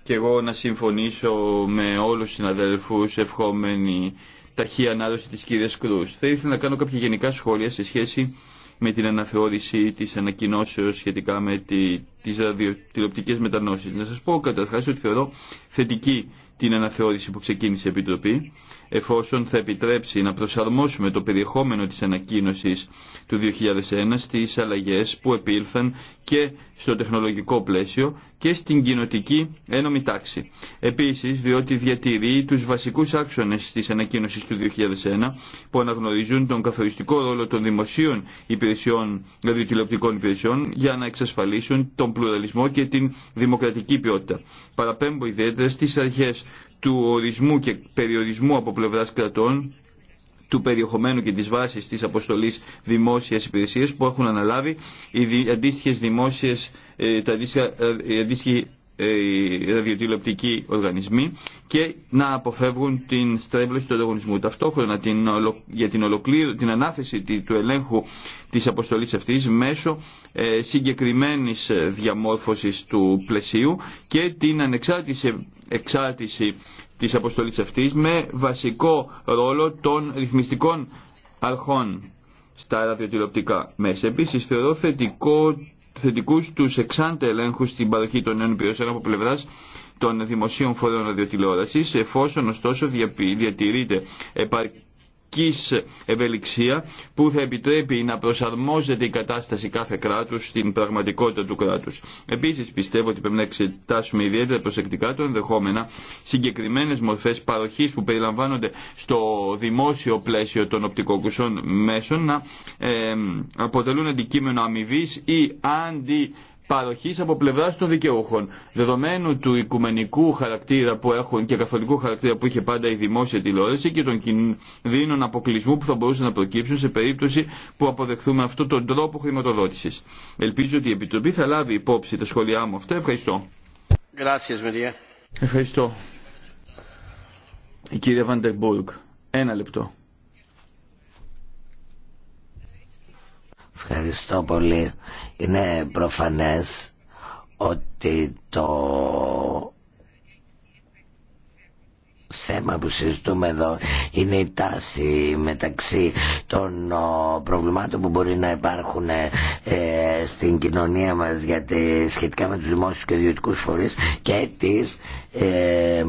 και εγώ να συμφωνήσω με όλους τους συναδέλφους ευχόμενη ταχεία ανάδοση της κυρίας Κρούς. Θα ήθελα να κάνω κάποια γενικά σχόλια σε σχέση με την αναθεώρηση της ανακοινώσεως σχετικά με τη, τις ραδιοτηλεοπτικές μετανόσεις. Να σας πω καταρχάς ότι θεωρώ θετική την αναθεώρηση που ξεκίνησε η Επιτροπή εφόσον θα επιτρέψει να προσαρμόσουμε το περιεχόμενο της ανακοίνωσης του 2001 στις αλλαγές που επήλθαν και στο τεχνολογικό πλαίσιο και στην κοινοτική ένωμη τάξη. Επίσης, διότι διατηρεί τους βασικούς άξονες της ανακοίνωσης του 2001 που αναγνωρίζουν τον καθοριστικό ρόλο των δημοσίων υπηρεσιών, δηλαδή τηλεοπτικών υπηρεσιών, για να εξασφαλίσουν τον πλουραλισμό και την δημοκρατική ποιότητα. Παραπέμπω ιδιαίτερα στις αρχές του ορισμού και περιορισμού από πλευράς κρατών του περιεχομένου και της βάσης της αποστολής δημόσιας υπηρεσίας που έχουν αναλάβει οι αντίστοιχες δημόσιες, ε, τα αντίστοιχη ε, ε, ραδιοτηλεοπτικοί οργανισμοί και να αποφεύγουν την στρέβλωση του ανταγωνισμού. Ταυτόχρονα την, για την, ολοκλήρω, την ανάθεση του ελέγχου της αποστολής αυτής μέσω συγκεκριμένης διαμόρφωσης του πλαισίου και την ανεξάρτηση εξάρτηση της αποστολής αυτής με βασικό ρόλο των ρυθμιστικών αρχών στα ραδιοτηλεοπτικά μέσα. Επίσης θεωρώ θετικό, θετικούς τους εξάντε ελέγχους στην παροχή των νέων υπηρεσιών από πλευράς των δημοσίων φορέων ραδιοτηλεόρασης εφόσον ωστόσο διατηρείται επαρκή ευελιξία που θα επιτρέπει να προσαρμόζεται η κατάσταση κάθε κράτους στην πραγματικότητα του κράτους. Επίσης πιστεύω ότι πρέπει να εξετάσουμε ιδιαίτερα προσεκτικά το ενδεχόμενα συγκεκριμένες μορφές παροχής που περιλαμβάνονται στο δημόσιο πλαίσιο των οπτικοκουσών μέσων να ε, αποτελούν αντικείμενο αμοιβή ή αντι Παροχή από πλευρά των δικαιούχων. Δεδομένου του οικουμενικού χαρακτήρα που έχουν και καθολικού χαρακτήρα που είχε πάντα η δημόσια τηλεόραση και των κινδύνων αποκλεισμού που θα μπορούσαν να προκύψουν σε περίπτωση που αποδεχθούμε αυτόν τον τρόπο χρηματοδότηση. Ελπίζω ότι η Επιτροπή θα λάβει υπόψη τα σχόλιά μου αυτά. Ευχαριστώ. Gracias, Ευχαριστώ. Η κυρία Βαντερμπουργκ. Ένα λεπτό. Ευχαριστώ πολύ. Είναι προφανές ότι το θέμα που συζητούμε εδώ είναι η τάση μεταξύ των προβλημάτων που μπορεί να υπάρχουν ε, στην κοινωνία μας για σχετικά με τους δημόσιους και ιδιωτικούς φορείς και ε, ε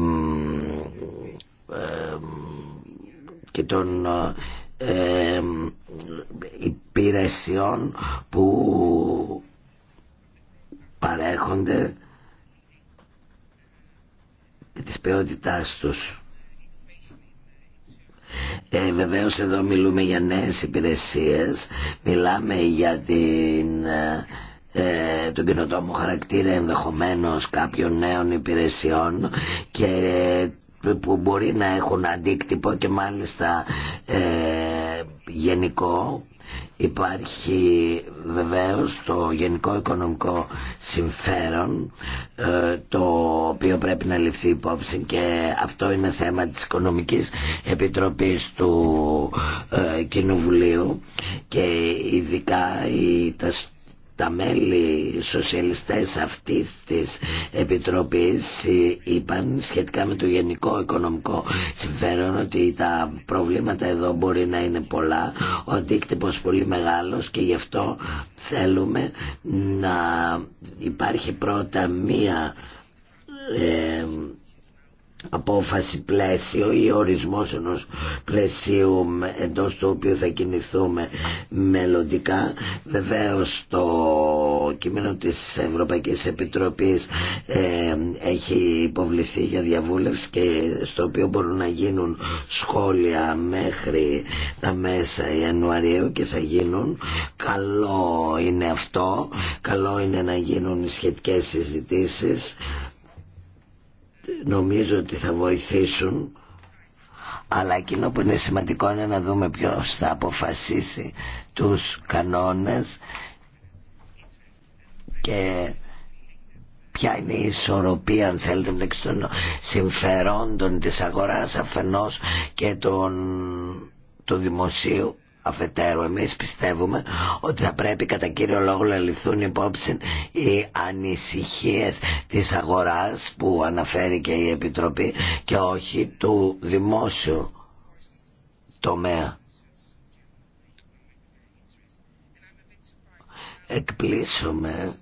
και των ε, ε, υπηρεσιών που παρέχονται της ποιότητάς τους. Ε, βεβαίως εδώ μιλούμε για νέες υπηρεσίες, μιλάμε για την, ε, τον κοινοτόμο χαρακτήρα ενδεχομένως κάποιων νέων υπηρεσιών και που μπορεί να έχουν αντίκτυπο και μάλιστα ε, γενικό υπάρχει βεβαίως το γενικό οικονομικό συμφέρον ε, το οποίο πρέπει να ληφθεί υπόψη και αυτό είναι θέμα της Οικονομικής Επιτροπής του ε, Κοινοβουλίου και ειδικά η, τα, τα μέλη σοσιαλιστές αυτής της Επιτροπής ε, είπαν σχετικά με το γενικό οικονομικό συμφέρον ότι τα προβλήματα εδώ μπορεί να είναι πολλά, ο αντίκτυπος πολύ μεγάλος και γι' αυτό θέλουμε να υπάρχει πρώτα μία ε, απόφαση πλαίσιο ή ορισμός ενός πλαισίου εντός του οποίου θα κινηθούμε μελλοντικά βεβαίως το κείμενο της Ευρωπαϊκής Επιτροπής ε, έχει υποβληθεί για διαβούλευση και στο οποίο μπορούν να γίνουν σχόλια μέχρι τα μέσα Ιανουαρίου και θα γίνουν καλό είναι αυτό καλό είναι να γίνουν σχετικές συζητήσεις νομίζω ότι θα βοηθήσουν αλλά εκείνο που είναι σημαντικό είναι να δούμε ποιος θα αποφασίσει τους κανόνες και ποια είναι η ισορροπία αν θέλετε μεταξύ των συμφερόντων της αγοράς αφενός και των, του δημοσίου αφετέρου εμείς πιστεύουμε ότι θα πρέπει κατά κύριο λόγο να ληφθούν υπόψη οι ανησυχίες της αγοράς που αναφέρει και η Επιτροπή και όχι του δημόσιου τομέα. Εκπλήσουμε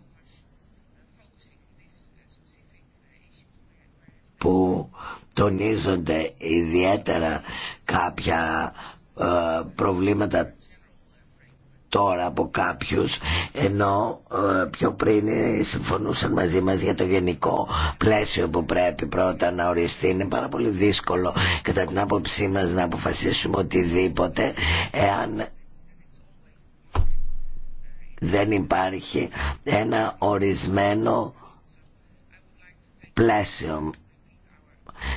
που τονίζονται ιδιαίτερα κάποια ε, προβλήματα τώρα από κάποιους ενώ ε, πιο πριν συμφωνούσαν μαζί μας για το γενικό πλαίσιο που πρέπει πρώτα να οριστεί είναι πάρα πολύ δύσκολο κατά την άποψή μας να αποφασίσουμε οτιδήποτε εάν δεν υπάρχει ένα ορισμένο πλαίσιο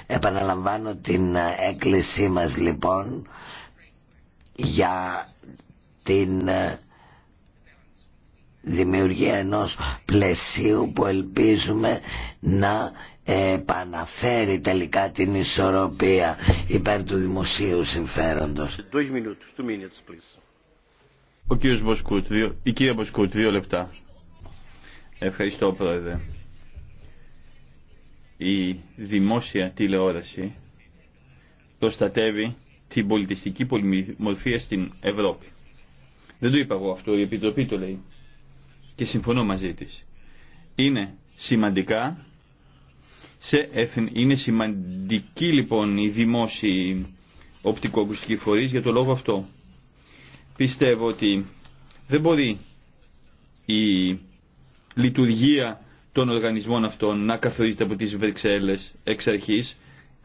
επαναλαμβάνω την έκκλησή μας λοιπόν για την ε, δημιουργία ενός πλαισίου που ελπίζουμε να επαναφέρει τελικά την ισορροπία υπέρ του δημοσίου συμφέροντος. Ο κύριος Μποσκούτ, δύο, η Μποσκούτ, δύο λεπτά. Ευχαριστώ πρόεδρε. Η δημόσια τηλεόραση προστατεύει την πολιτιστική πολυμορφία στην Ευρώπη. Δεν το είπα εγώ αυτό, η Επιτροπή το λέει και συμφωνώ μαζί της. Είναι σημαντικά, είναι σημαντική λοιπόν η δημόσιοι οπτικοακουστική φορείς για το λόγο αυτό. Πιστεύω ότι δεν μπορεί η λειτουργία των οργανισμών αυτών να καθορίζεται από τις Βρυξέλλες εξ αρχής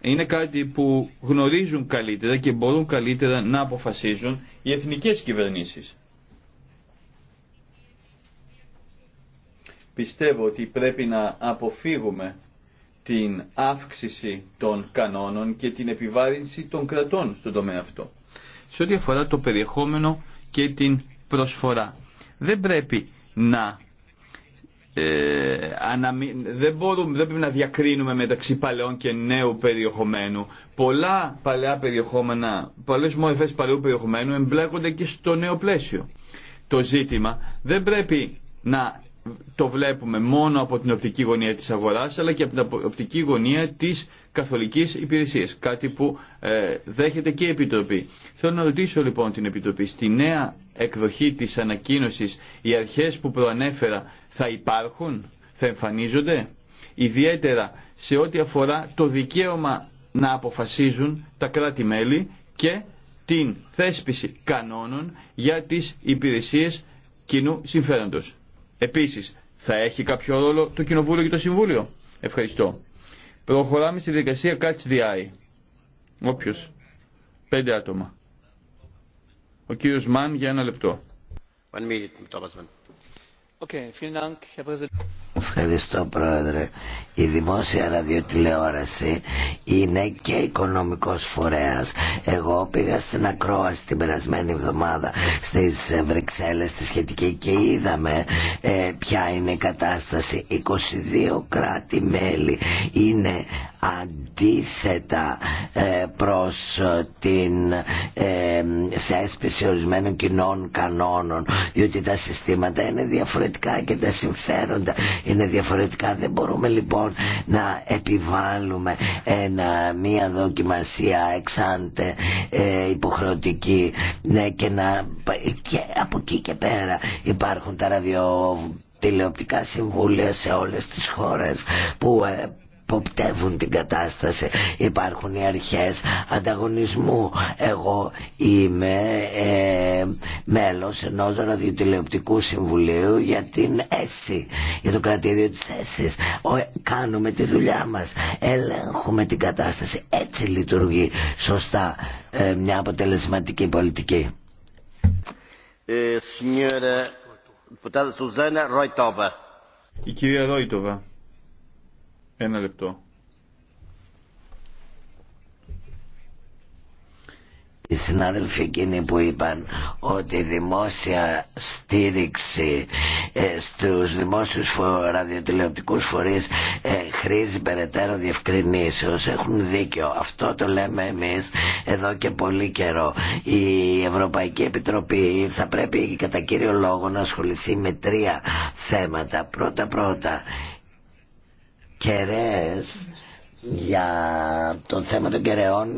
είναι κάτι που γνωρίζουν καλύτερα και μπορούν καλύτερα να αποφασίζουν οι εθνικές κυβερνήσεις. Πιστεύω ότι πρέπει να αποφύγουμε την αύξηση των κανόνων και την επιβάρυνση των κρατών στον τομέα αυτό. Σε ό,τι αφορά το περιεχόμενο και την προσφορά. Δεν πρέπει να ε, δεν, μπορούμε, δεν πρέπει να διακρίνουμε μεταξύ παλαιών και νέου περιεχομένου. Πολλά παλαιά περιεχόμενα, πολλές μορφές παλαιού περιεχομένου εμπλέκονται και στο νέο πλαίσιο. Το ζήτημα δεν πρέπει να το βλέπουμε μόνο από την οπτική γωνία της αγοράς αλλά και από την οπτική γωνία της καθολικής υπηρεσίας, κάτι που ε, δέχεται και η Επιτροπή. Θέλω να ρωτήσω λοιπόν την Επιτροπή, στη νέα εκδοχή της ανακοίνωσης οι αρχές που προανέφερα θα υπάρχουν, θα εμφανίζονται, ιδιαίτερα σε ό,τι αφορά το δικαίωμα να αποφασίζουν τα κράτη-μέλη και την θέσπιση κανόνων για τις υπηρεσίες κοινού συμφέροντος. Επίσης, θα έχει κάποιο ρόλο το Κοινοβούλιο και το Συμβούλιο. Ευχαριστώ. Προχωράμε στη διαδικασία Catch the Eye. Όποιος. Πέντε άτομα. Ο κύριος Μαν για ένα λεπτό. Okay, Ευχαριστώ Πρόεδρε. Η δημόσια ραδιοτηλεόραση είναι και οικονομικός φορέας. Εγώ πήγα στην Ακρόαση την περασμένη εβδομάδα στις ε, Βρυξέλλες στη σχετική και είδαμε ε, ποια είναι η κατάσταση. 22 κράτη-μέλη είναι αντίθετα ε, προς ε, την ε, θέσπιση ορισμένων κοινών κανόνων διότι τα συστήματα είναι διαφορετικά και τα συμφέροντα είναι διαφορετικά. Δεν μπορούμε λοιπόν να επιβάλλουμε ένα, μία δοκιμασία εξάντε ε, υποχρεωτική ναι, και, να, και από εκεί και πέρα υπάρχουν τα ραδιο τηλεοπτικά συμβούλια σε όλες τις χώρες που ε, ποπτεύουν την κατάσταση υπάρχουν οι αρχές ανταγωνισμού εγώ είμαι ε, μέλος ενός ραδιοτηλεοπτικού συμβουλίου για την ΕΣΥ, για το κρατήριο της ΕΣΥ. Κάνουμε τη δουλειά μας, ελέγχουμε την κατάσταση. Έτσι λειτουργεί σωστά ε, μια αποτελεσματική πολιτική. Ε, η κυρία Ρόιτοβα. Ένα λεπτό. οι συνάδελφοι εκείνοι που είπαν ότι η δημόσια στήριξη ε, στους δημόσιους φο... ραδιοτηλεοπτικούς φορείς ε, χρήζει περαιτέρω διευκρινήσεως έχουν δίκιο αυτό το λέμε εμείς εδώ και πολύ καιρό η Ευρωπαϊκή Επιτροπή θα πρέπει κατά κύριο λόγο να ασχοληθεί με τρία θέματα πρώτα πρώτα κεραίες για το θέμα των κεραιών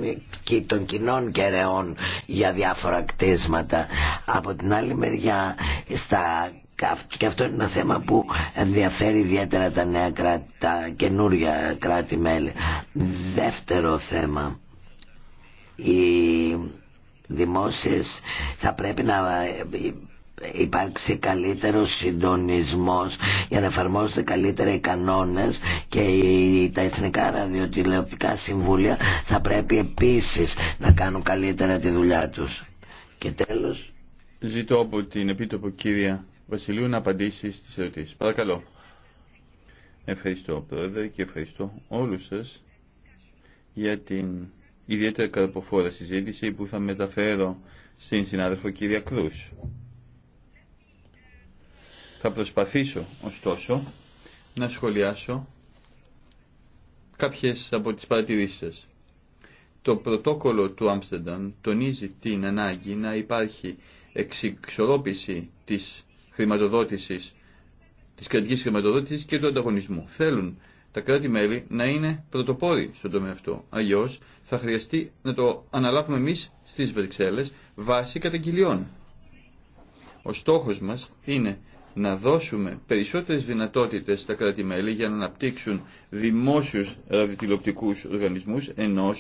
και των κοινών κεραιών για διάφορα κτίσματα. Από την άλλη μεριά στα και αυτό είναι ένα θέμα που ενδιαφέρει ιδιαίτερα τα νέα κράτη, τα καινουργια κρατη κράτη-μέλη. Δεύτερο θέμα, οι δημόσιες θα πρέπει να υπάρξει καλύτερος συντονισμός για να εφαρμόζονται καλύτερα οι κανόνες και τα εθνικά ραδιοτηλεοπτικά συμβούλια θα πρέπει επίσης να κάνουν καλύτερα τη δουλειά τους. Και τέλος... Ζητώ από την Επίτροπο κυρία Βασιλείου να απαντήσει στις ερωτήσεις. Παρακαλώ. Ευχαριστώ Πρόεδρε και ευχαριστώ όλους σας για την ιδιαίτερα καρποφόρα συζήτηση που θα μεταφέρω στην συνάδελφο κυρία Κρούς. Θα προσπαθήσω, ωστόσο, να σχολιάσω κάποιες από τις παρατηρήσεις σας. Το πρωτόκολλο του Άμστερνταμ τονίζει την ανάγκη να υπάρχει εξισορρόπηση της χρηματοδότησης, της κρατικής χρηματοδότησης και του ανταγωνισμού. Θέλουν τα κράτη-μέλη να είναι πρωτοπόροι στον τομέα αυτό. Αλλιώ θα χρειαστεί να το αναλάβουμε εμεί στι Βρυξέλλε βάσει καταγγελιών. Ο στόχο μα είναι να δώσουμε περισσότερες δυνατότητες στα κράτη-μέλη για να αναπτύξουν δημόσιους ραδιοτηλεοπτικούς οργανισμούς, ενώ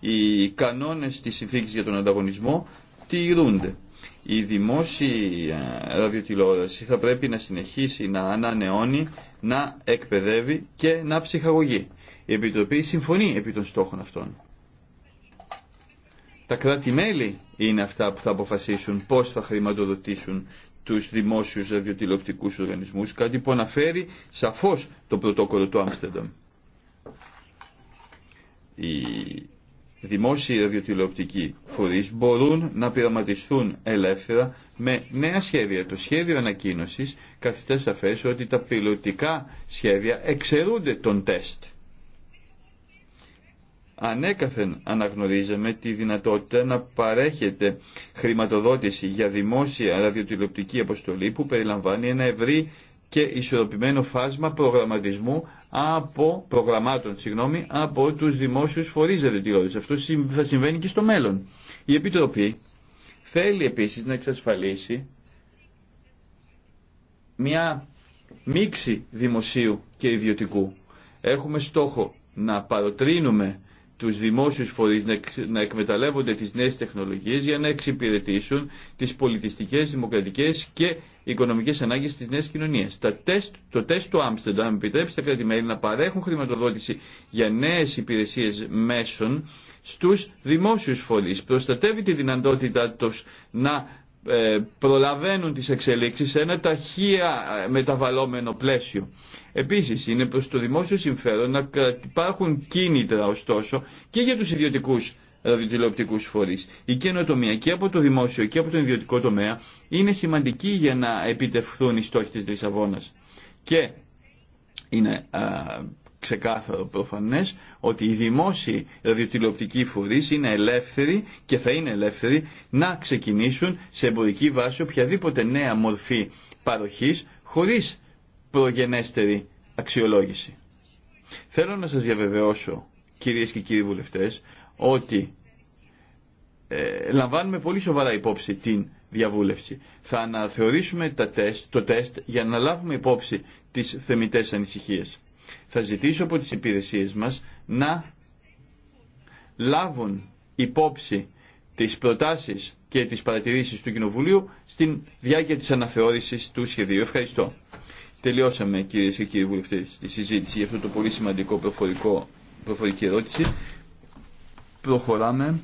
οι κανόνες της συνθήκης για τον ανταγωνισμό τηρούνται. Η δημόσια ραδιοτηλεόραση θα πρέπει να συνεχίσει να ανανεώνει, να εκπαιδεύει και να ψυχαγωγεί. Η Επιτροπή συμφωνεί επί των στόχων αυτών. Τα κράτη-μέλη είναι αυτά που θα αποφασίσουν πώς θα χρηματοδοτήσουν τους δημόσιους ραδιοτηλεοπτικούς οργανισμούς, κάτι που αναφέρει σαφώς το πρωτόκολλο του Άμστερνταμ. Οι δημόσιοι ραδιοτηλεοπτικοί φορείς μπορούν να πειραματιστούν ελεύθερα με νέα σχέδια. Το σχέδιο ανακοίνωσης καθιστά σαφές ότι τα πιλωτικά σχέδια εξαιρούνται των τεστ ανέκαθεν αναγνωρίζαμε τη δυνατότητα να παρέχεται χρηματοδότηση για δημόσια ραδιοτηλεοπτική αποστολή που περιλαμβάνει ένα ευρύ και ισορροπημένο φάσμα προγραμματισμού από προγραμμάτων συγγνώμη, από τους δημόσιους φορείς ραδιοτηλεόρασης. Αυτό θα συμβαίνει και στο μέλλον. Η Επιτροπή θέλει επίσης να εξασφαλίσει μια μίξη δημοσίου και ιδιωτικού. Έχουμε στόχο να παροτρύνουμε τους δημόσιους φορείς να εκμεταλλεύονται τις νέες τεχνολογίες για να εξυπηρετήσουν τις πολιτιστικές, δημοκρατικές και οικονομικές ανάγκες τη νέα κοινωνίας. το τεστ του Άμστερνταμ επιτρέπει στα κράτη-μέλη να παρέχουν χρηματοδότηση για νέες υπηρεσίες μέσων στους δημόσιους φορείς. Προστατεύει τη δυνατότητά του να ε, προλαβαίνουν τις εξελίξεις σε ένα ταχεία ε, μεταβαλλόμενο πλαίσιο. Επίσης είναι προς το δημόσιο συμφέρον να υπάρχουν κίνητρα ωστόσο και για τους ιδιωτικούς ραδιοτηλεοπτικούς φορείς. Η καινοτομία και από το δημόσιο και από τον ιδιωτικό τομέα είναι σημαντική για να επιτευχθούν οι στόχοι της Λισαβόνας. Και είναι ξεκάθαρο προφανές ότι οι δημόσιοι ραδιοτηλεοπτικοί φορείς είναι ελεύθεροι και θα είναι ελεύθεροι να ξεκινήσουν σε εμπορική βάση οποιαδήποτε νέα μορφή παροχής χωρί προγενέστερη αξιολόγηση. Θέλω να σα διαβεβαιώσω κυρίες και κύριοι βουλευτές ότι ε, λαμβάνουμε πολύ σοβαρά υπόψη την διαβούλευση. Θα αναθεωρήσουμε τα το τεστ για να λάβουμε υπόψη τις θεμητές ανησυχίες. Θα ζητήσω από τις υπηρεσίες μας να λάβουν υπόψη τις προτάσεις και τις παρατηρήσεις του Κοινοβουλίου στην διάρκεια της αναθεώρησης του σχεδίου. Ευχαριστώ. Τελειώσαμε κυρίε και κύριοι βουλευτές τη συζήτηση για αυτό το πολύ σημαντικό προφορικό, προφορική ερώτηση. Προχωράμε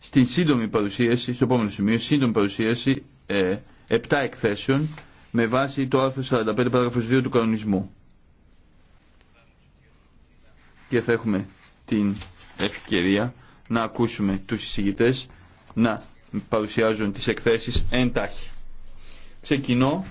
στην σύντομη παρουσίαση, στο επόμενο σημείο, σύντομη παρουσίαση ε, 7 εκθέσεων με βάση το άρθρο 45 παράγραφος 2 του κανονισμού και θα έχουμε την ευκαιρία να ακούσουμε τους εισηγητές να παρουσιάζουν τις εκθέσεις εντάχει. Ξεκινώ